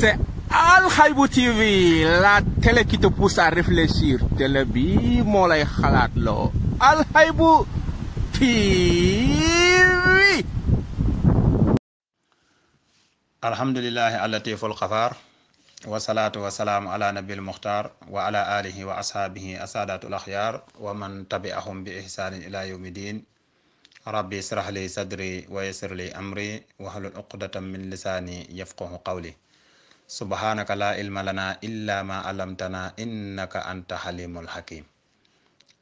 c'est Al Haïbou TV la télé qui xalaat loo Al Haïbou TV alhamdulillahi ala tiiful xafaar wasalaatu wasalaamu ala nabil muxtaar wa ala subhanaka la ilma lana illa ma alamtana innaka anta halimul hakim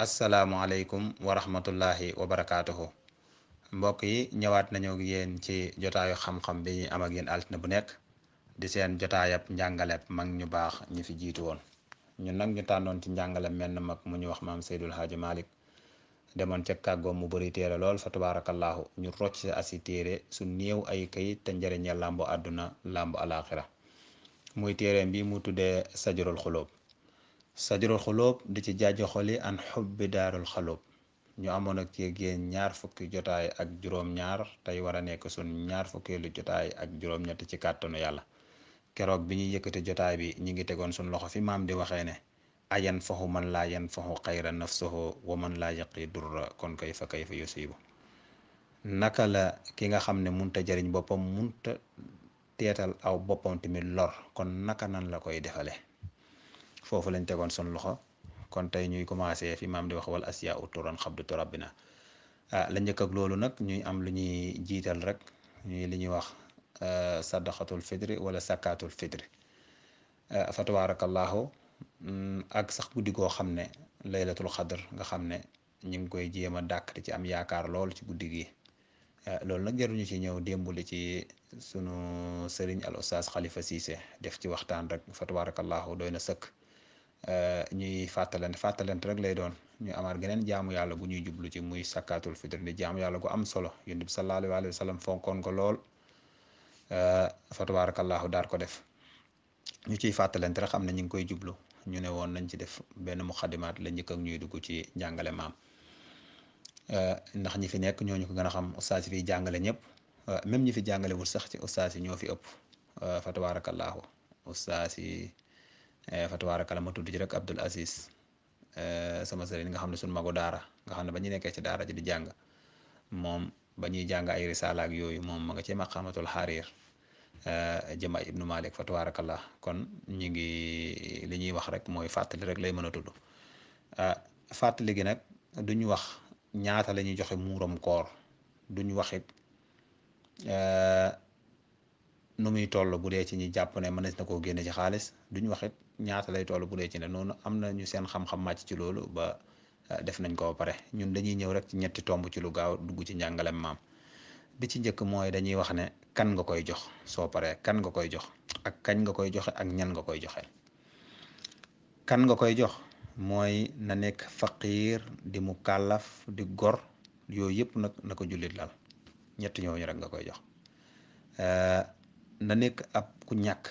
assalaamu aleykum wa rahmatullahi wa barakaatuhu mbokk yi ñëwaat nañu yéen ci jotaayu xam-xam bi ñuy am ak bu nekk di seen jotaayab njàngaleb mag ñu baax ñi fi jiitu woon ñun nag ñu tànnoon ci njàngale menn mag mu ñu wax maam Seydul Haaji Malik demoon ca kàggoom mu bëri téere lool fa tabaarakallaahu ñu rocc asi téere su néew ay kayit te njëriña làmbu àdduna làmbu alaaxira muy téereem bi mu tuddee sajarul xulóob sajarul xulóob di ci jaajo xoli an bi daarul xalóob ñu amoon ak yéen ñaar fukki jotaay ak juróom-ñaar tey war a nekk sun ñaar fukkeelu jotaay ak juróom-ñett ci kàttanu yàlla keroog bi ñuy yëkkati jotaay bi ñu ngi tegoon sun loxo fi maam di waxee ne ayan faxu man laa yan faxu xayra nafsahu wa man laa yaqi durra kon kay fa kay fa yusibu naka la ki nga xam ne munta jariñ boppam munta teetal aw boppam tamit lor kon naka nan la koy defale foofu lañ tegoon sun loxo kon tey ñuy commencé fi maam di wax wal asiya u turan xabdu turabina ah la njëkk ak loolu nag ñuy am lu ñuy jiital rek ñuy li ñuy wax ah, sadaqatul fitri wala sakkatul fitri ah, fa tabarakallahu mm, ak sax guddi goo xam ne laylatul xadr nga xam ne ñu ngi koy jéem a dàkk ci am yaakaar lool ci guddi gi Euh, loolu nag jaruñu ci ñëw démb li ci suñu sëriñ al oustaz xalifa siise def ci waxtaan rek fa tabarakallahu doy na sëkk euh, ñuy fàttalante fàttalante rek lay doon ñu amaat geneen jaamu yàlla bu ñuy jublu ci muy sakkaatul fitr di jaamu yàlla gu am solo yonent bi sallallahu alayhi wa sallam fonkoon ko lool euh, fa tabarakallahu daar ko def ñu ciy fàttalante rek xam ne ñu ngi koy jublu ñune woon nañ ci def benn muxadimaat la njëkk ak ñuy dugg ci njàngale maam Euh, ndax ñi fi nekk ñooñu ko gën a xam ustaas yi fiy jàngale ñëpp euh, même ñi fi jàngale wul sax ci ustaas yi ñoo fi ëpp euh, fa tabaarakallaahu ustaas yi eh, fa tabaarakalla ma tudd ci rek Abdul sama sëriñ nga xam ne sunu magu daara nga xam ne ba ñu nekkee ci daara di jàng moom ba ñuy jàng ay risaala yooyu moom ma nga ci maqamatul xariir jëma ibnu malik fa tabarakallah kon ñu ngi li ñuy wax rek mooy fàttali rek lay mën a tudd fàttali gi nag duñ wax ñaata la ñuy joxe muuram koor duñ waxit euh, nu muy toll bu dee ci ñi jàpp ne mënees na koo génne ci xaalis duñ waxit ñaata lay toll bu dee ci ne noonu am na ñu seen xam-xam màcc ci loolu ba euh, def nañ ko ba pare ñun dañuy ñëw rek ci ñetti tomb ci lu gaaw dugg ci njàngalem maam bi ci njëkk mooy dañuy wax ne kan nga koy jox soo paree kan nga koy jox ak kañ nga koy joxe ak ñan nga koy joxe kan nga koy jox mooy na nekk faqiir di mu kàllaf di gor yooyu yëpp nag na ko jullit lal ñett ñooñu rek nga koy jox eh, na nekk ab ku ñàkk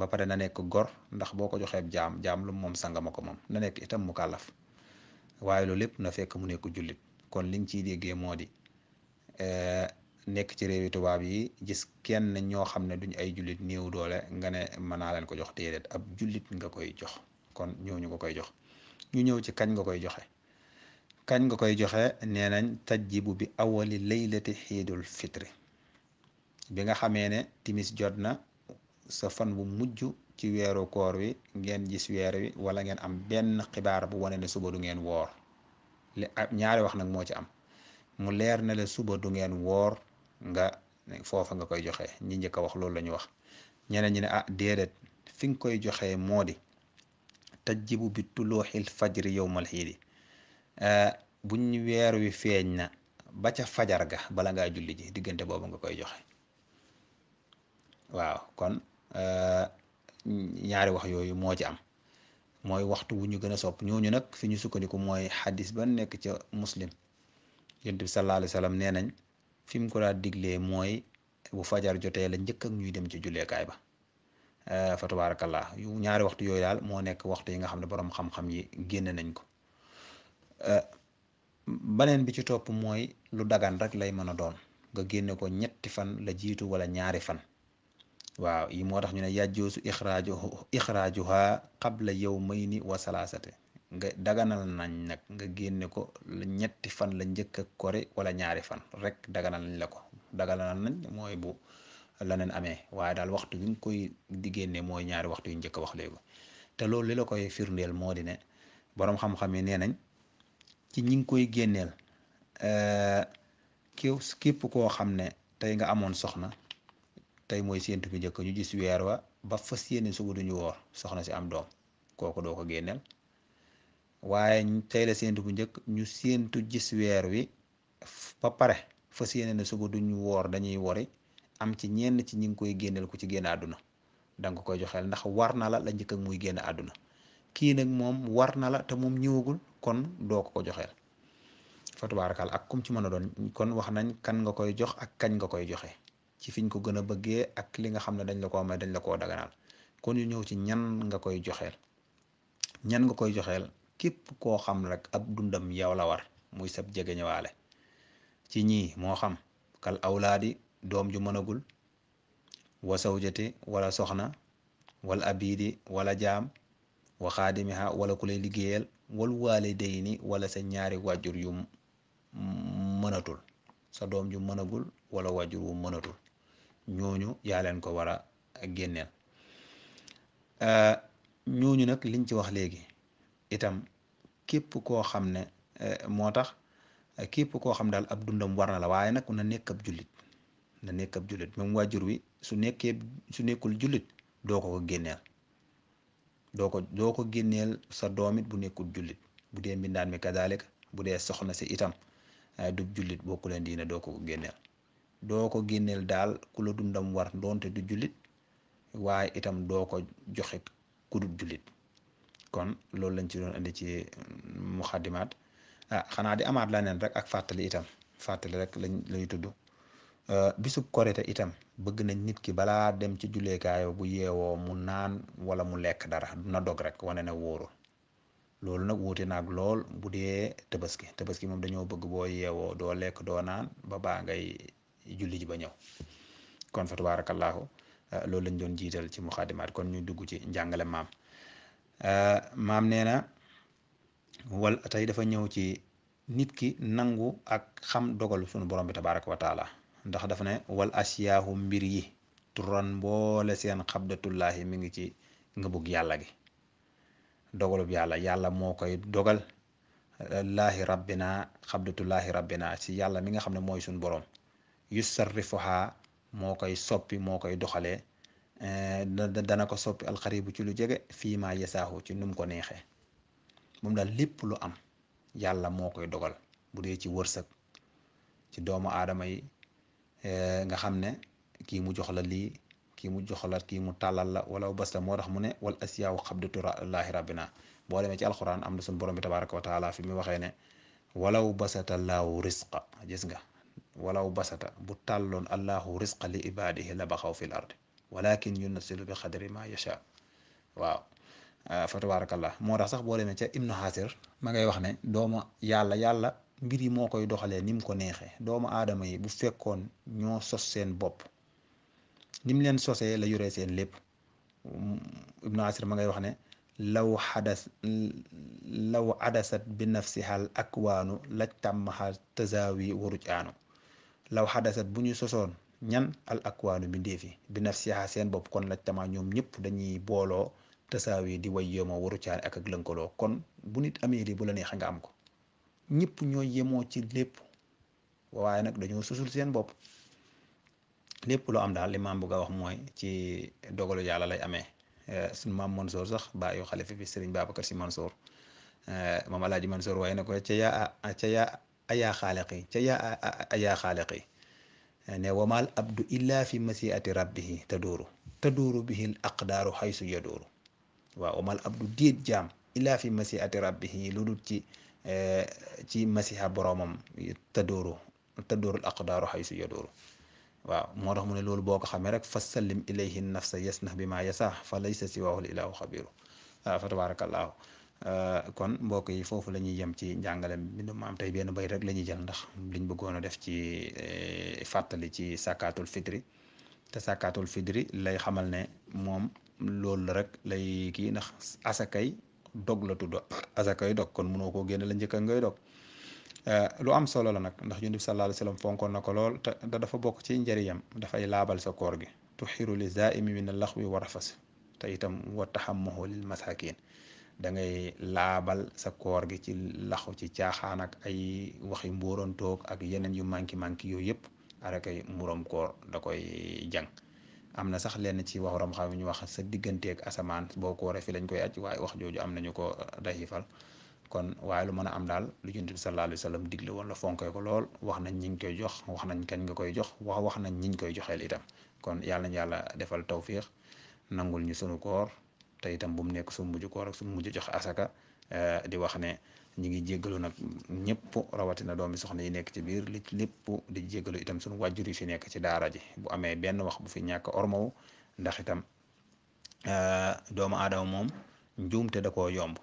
ba pare na nekk gor ndax boo ko joxee jaam jaam lu moom sanga ma ko moom na nekk itam mu kàllaf waaye loolu lépp na fekk mu nekk julit kon liñ ciy déggee moo di eh, nekk ci réew réewi tubaab yi gis kenn ñoo xam ne duñ ay jullit néew doole nga ne mën naa leen ko jox déedéet ab jullit nga koy jox kon ñooñu nga koy jox ñu ñëw ci kañ nga koy joxe kañ nga koy joxe nee nañ tajjibu bi awali laylati xiidul fitri bi nga xamee ne timis jot na sa fan bu mujj ci weeru koor wi ngeen gis weer wi wala ngeen am benn xibaar bu wane ne suba du ngeen woor li ñaari wax nag moo ci am mu leer na la suba du ngeen woor nga foofa nga koy joxe ñi njëkk a wax loolu la ñu wax ñeneen ñi ne ah déedéet fi nga koy joxe moo di tajibu bi tulooxil fajri yowmal xiidi eh, buñ weer wi feeñ na baca fajar ga bala ngaa julli ji diggante boobu nga koy joxe waaw kon eh, ñaari wax yooyu moo ci am mooy waxtu wu ñu gën a sopp ñooñu nag fi ñu sukkandiku mooy xadis ba nekk ca muslim yonent bi sallallahu alayhi wa sallam nee nañ fi mu ko daa diglee mooy bu fajar jotee la njëkk ak ñuy dem ci julleekaay ba Euh, fa tabarakallah ñaari waxtu yooyu daal moo nekk waxtu yi nga xam ne borom xam-xam yi génn nañ ko euh, baneen bi ci topp mooy lu dagan rek lay mën a doon nga génne ko ñetti fan la jiitu wala ñaari fan waaw moo tax ñu ne yajjoosu ixraaju ixraajuha qabla yawmayni wa salaasate nga daganal nañ nag nga génne ko ñetti fan la njëkk ak kori wala ñaari fan rek daganal lañ la ko daganal nañ mooy bu laneen amee waaye daal waxtu wi nga koy di génne mooy ñaari waxtu yu njëkk a wax léegi te loolu li la koy firndeel moo di ne boroom xam-xam yi nee nañ ci ñi ngi koy génneel euh, ki képp koo xam ne tey nga amoon soxna tey mooy séentu bi njëkk ñu gis weer wa ba fas yéene suba duñu woor soxna si am doom kooku doo ko génneel waaye tey la séentu bu njëkk ñu séentu gis weer wi ba pare fas yéene ne suba duñu woor dañuy wori am ci ñenn ci ñi ngi koy génneel ku ci génn àdduna da koy joxeel ndax war na la la njëkk muy génne àdduna kii nag moom war na la te moom ñëwagul kon doo ko ko joxeel fa tabaarakal ak kum ci mën a doon kon wax nañ kan nga koy jox ak nga koy joxe ci fiñ ko gën a bëggee ak li nga xam ne dañ la koo may dañ la koo daganaal kon ñu ñëw ci ñan nga koy joxeel ñan nga koy joxeel képp koo xam rek ab dundam yow la war muy sab jege ñëwaale ci ñi moo xam kal awlaadi doom ju mënagul wa sawjati wala soxna wal abidi wala jaam wa xaadimiha wala ku lay liggéeyal wal waalidayni wala se ñaari wàjjur yu mënatul sa doom ju mënagul wala wàjjur wu mënatul ñooñu yaa leen ko war a génneel euh, ñuñu nag liñ ci wax léegi itam képp koo xam ne euh, moo tax képp koo xam daal ab dundam war na la waaye nag na nekk ab julit na nekk ab jullit même waajur wi su nekkee su nekkul julit doo ko ko génneel doo ko doo ko génneel sa doomit bu nekkul jullit bu dee mbindaan mi kadaalika bu dee soxna si itam eh, du jullit bokku leen diine doo ko ko génneel doo ko génneel daal ku la dundam war doonte du julit waaye itam doo ko joxit ku dul kon loolu lañ ci doon indi ci mm, muxaddimaat ah xanaa di amaat la laneen rek ak fàttali itam fàttali rek lañ lay tudd Euh, bisub korite itam bëgg nañ nit ki balaa dem ci julleekaayo bu yeewoo mu naan wala mu lekk dara na dog rek wane na wóoru loolu nag wuute naag lool bu dee tabaski tabaski moom dañoo bëgg boo yeewoo doo lekk doo naan ba baa ngay julli ji ba ñëw kon fa tabaarakallaahu euh, loolu lañ doon jiital ci muxaadimaat kon ñu dugg ci njàngale maam euh, maam nee na wal tey dafa ñëw ci nit ki nangu ak xam dogalu sunu borom bi tabaaraka ndax dafa ne wal asiyaahu mbir yi turan mboole seen xabdatullaahi mi ngi ci nga bugg yàlla gi dogalub yàlla yàlla moo koy dogal laahi rabbina xabdatullaahi rabbina si yàlla mi nga xam ne mooy suñ boroom yusarrifuha moo koy soppi moo koy doxalee eh, dana ko soppi alxaribu ci lu jege fii ma ci num ko neexee moom daal lépp lu am yàlla moo koy dogal bu ci wërsëg ci doomu aadama yi Eh, nga xam ne kii mu jox la lii kii mu jox la mu tàllal la wala basta moo tax mu ne wal asiyaaw tu laahi rabbina boo demee ci alxuraan am na suñu borom bi tabaraka wa taala fi mu waxee ne walaw basata laahu risqa gis nga walaw basata bu tàlloon allahu risqa li ibadihi la baxaw fi l ard walakin yunasilu bi xadri ma yacha waaw eh, fa tabarakallah moo tax sax boo demee ca ibnu xaasir ma ngay wax ne dooma yàlla yàlla mbir yi moo koy doxalee ni mu ko neexee doomu aadama yi bu fekkoon ñoo sos seen bopp nim leen sosee la yore seen lépp ibnu asir ngay wax ne law xadas law adasat ak waanu akwaanu laj tàmmaxal tasaawi waruj aanu law xadasat bu ñu sosoon ñan al akwaanu bindee fi bi nafsiha seen bopp kon laj tamaa ñoom ñëpp dañuy booloo tasaawi di way yoomoo warucaan ak ak lënkaloo kon bu nit amee li bu la nga am ko ñëpp ñoo yemoo ci lépp waaye nag dañoo susul seen bopp lépp loo am daal li maam bëgg a wax mooy ci dogalu yàlla lay amee eh, suñu maam Mansour sax bàyyi xalifa bi Serigne Babacar Sy Mansour maam El Hadj Mansour waaye na ko ca yaa ca yaa ayaa xaaliqi ca yaa ayaa xaaliqi eh, ne wamaal abdu illa fi masiati rabbihi taduuru taduuru bihi l aqdaaru xaysu yaduuru waaw wamaal abdu déet jaam illa fi masiati rabbihi lu dul ci Eh, ci masiha boroomam tadooru tadóorul aqdaaru xaysu yadooru waaw moo tax mu ne loolu boo ko xamee rek fa sallim ilayhi nafsa nax bi ma yasaa fa laysa siwaahul ilaahu xabiru waaw ah, fa tabaarakallaahu eh, kon mbokk yi foofu la ñuy yem ci njàngale mbindum maam tey benn bay rek la ñuy jël ndax liñ bëggoon def ci eh, fàttali ci sàkkaatul fitri te sàkkaatul fitri lay xamal ne moom loolu rek lay kii ndax asakay dog la tudd asakay dog kon mënoo koo génne la njëkk ak ngay dog eh, lu am solo la nag ndax yonent bi sallallahu alayhi wa sallam fonkoon na ko lool te dafa bokk ci njëriñam dafay laabal sa koor gi tuxiru li zaimi min al-laxwi wa rafas te itam wa taxammuhu lil masakin da ngay laabal sa koor gi ci laxu ci caaxaan ak ay waxi mbóorantoog ak yeneen yu manki manki yooyu yëpp arakay muroom koor da koy jàng am na sax lenn ci wax rom xam ñu wax sa digganteek asamaan boo ko waree fi lañ koy aj waaye wax jooju am nañu ko uh, dayifal kon waaye lu mën a am daal lu Yonent bi sallallahu alayhi wa sallam digle woon la fonkee ko lool wax nañ ñi ngi koy jox wax nañ kañ nga koy jox wax wax nañ ñi ñu koy joxeel itam kon yàlla nañ yàlla defal tawfiix nangul ñu sunu koor te itam bu mu nekk suñu mujj koor ak suñu mujj joxe asaka uh, di wax ne ñu ngi jéggalu nag ñëpp rawatina doomi soxna yi nekk ci biir li lépp di jéggalu itam suñu wàjjur yi fi nekk ci daara ji bu benn wax bu fi ñàkk ormawu ndax itam euh, doomu aadama moom njuumte da koo yomb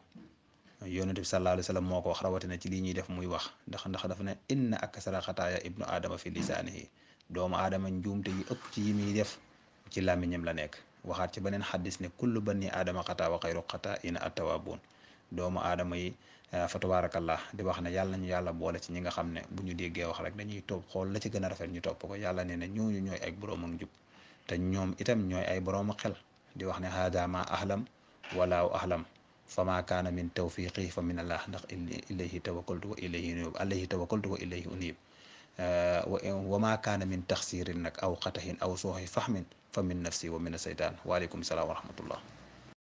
yonent bi sallallahu alayhi wa moo ko wax rawatina ci lii ñuy def muy wax ndax ndax dafa ne inna aksara xataaya ibnu aadama fi lisaanihi doomu aadama njuumte yi ëpp ci yi muy def ci làmmiñam la nekk waxaat ci beneen xaddis ne kullu bani aadama xataa wa xayru xataa ina attawaabuun doomu aadama yi Eh, fa tabarakallah di wax ne yàlla nañu yàlla boole ci ñi nga xam ne bu ñu déggee wax rek dañuy topp xool la ci gën a rafet ñu topp ko yàlla nee na ñooñu ñooy ay boroom ak jub te ñoom itam ñooy ay boroom xel di wax ne hada ma ahlam walaaw ahlam fa ma kaana min tawfiqi fa min allah ndax ilayhi tawakkaltu wa ilayhi unib alayhi tawakkaltu wa ilayhi unib eh, ma kaana min taxsirin nag aw xatahin aw suuxi fahmin fa min nafsi wa min a seytaan waaleykum salaam wa rahmatullah